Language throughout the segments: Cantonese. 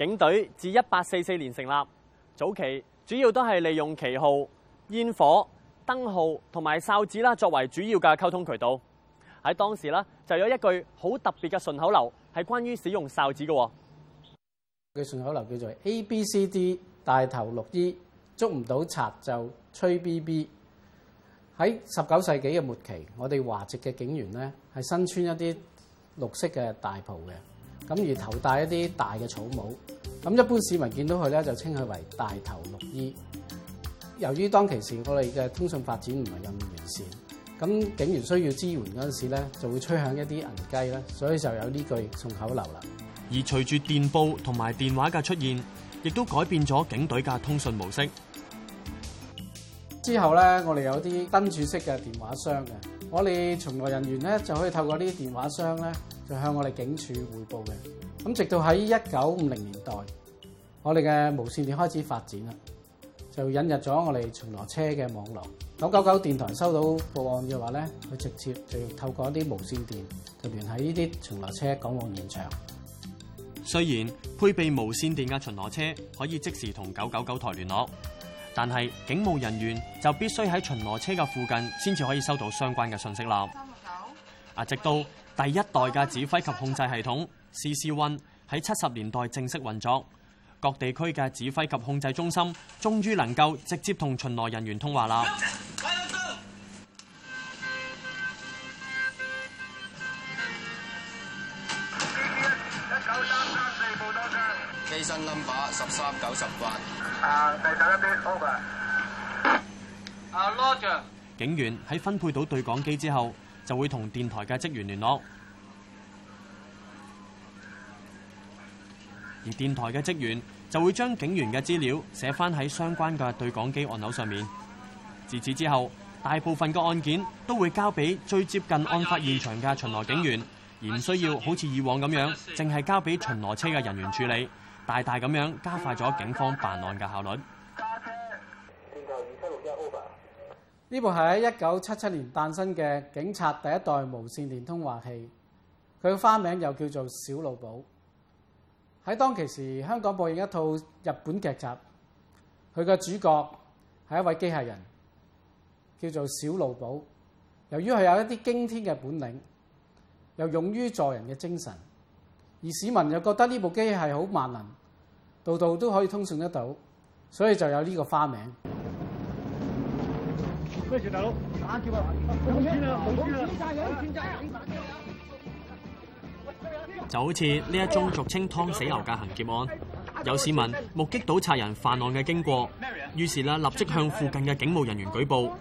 警隊自一八四四年成立，早期主要都係利用旗號、煙火、燈號同埋哨子啦，作為主要嘅溝通渠道。喺當時咧，就有一句好特別嘅順口溜，係關於使用哨子嘅。嘅順口溜叫做 A B C D 大頭綠衣、e，捉唔到賊就吹 B B。喺十九世紀嘅末期，我哋華籍嘅警員呢，係身穿一啲綠色嘅大袍嘅。咁而頭戴一啲大嘅草帽，咁一般市民見到佢咧就稱佢為大頭綠衣。由於當其時我哋嘅通訊發展唔係咁完善，咁警員需要支援嗰陣時咧，就會吹響一啲銀雞啦，所以就有呢句順口溜啦。而隨住電報同埋電話嘅出現，亦都改變咗警隊嘅通訊模式。之後咧，我哋有啲燈柱式嘅電話箱嘅，我哋巡邏人員咧就可以透過呢啲電話箱咧。就向我哋警署匯報嘅。咁直到喺一九五零年代，我哋嘅無線電開始發展啦，就引入咗我哋巡邏車嘅網絡。九九九電台收到報案嘅話咧，佢直接就透過一啲無線電就聯繫呢啲巡邏車，趕往現場。雖然配備無線電嘅巡邏車可以即時同九九九台聯絡，但係警務人員就必須喺巡邏車嘅附近先至可以收到相關嘅信息啦。啊，直到。第一代嘅指揮及控制系統 CC1 喺七十年代正式運作，各地區嘅指揮及控制中心終於能夠直接同巡邏人員通話啦。一警員喺分配到對講機之後。就會同電台嘅職員聯絡，而電台嘅職員就會將警員嘅資料寫翻喺相關嘅對講機按鈕上面。自此之後，大部分嘅案件都會交俾最接近案發現場嘅巡邏警員，而唔需要好似以往咁樣，淨係交俾巡邏車嘅人員處理，大大咁樣加快咗警方辦案嘅效率。呢部係喺一九七七年誕生嘅警察第一代無線電通話器，佢嘅花名又叫做小露寶。喺當其時，香港播映一套日本劇集，佢嘅主角係一位機械人，叫做小露寶。由於佢有一啲驚天嘅本領，又勇於助人嘅精神，而市民又覺得呢部機械好萬能，度度都可以通訊得到，所以就有呢個花名。啊啊啊啊啊啊啊啊、就好似呢一宗俗稱“劏死牛”嘅行劫案，有市民目擊到賊人犯案嘅經過，於是咧立即向附近嘅警務人員舉報。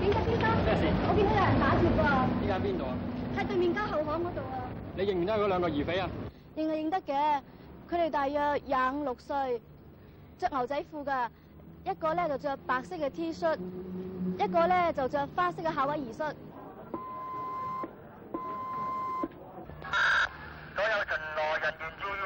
警察先生，我見到有人打劫啊！依家喺邊度啊？喺對面間後巷嗰度啊！你認唔認得嗰兩個疑匪啊？認啊，認得嘅，佢哋大約廿五六歲。着牛仔褲噶，一個咧就着白色嘅 T 恤，一個咧就着花色嘅夏威夷恤。所有巡邏人員注意！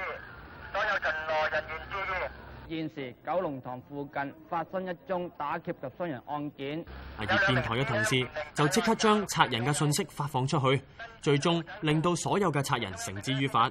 所有巡邏人員注意！現時九龍塘附近發生一宗打劫及傷人案件。啊！而電台嘅同事就即刻將賊人嘅信息發放出去，最終令到所有嘅賊人繩之於法。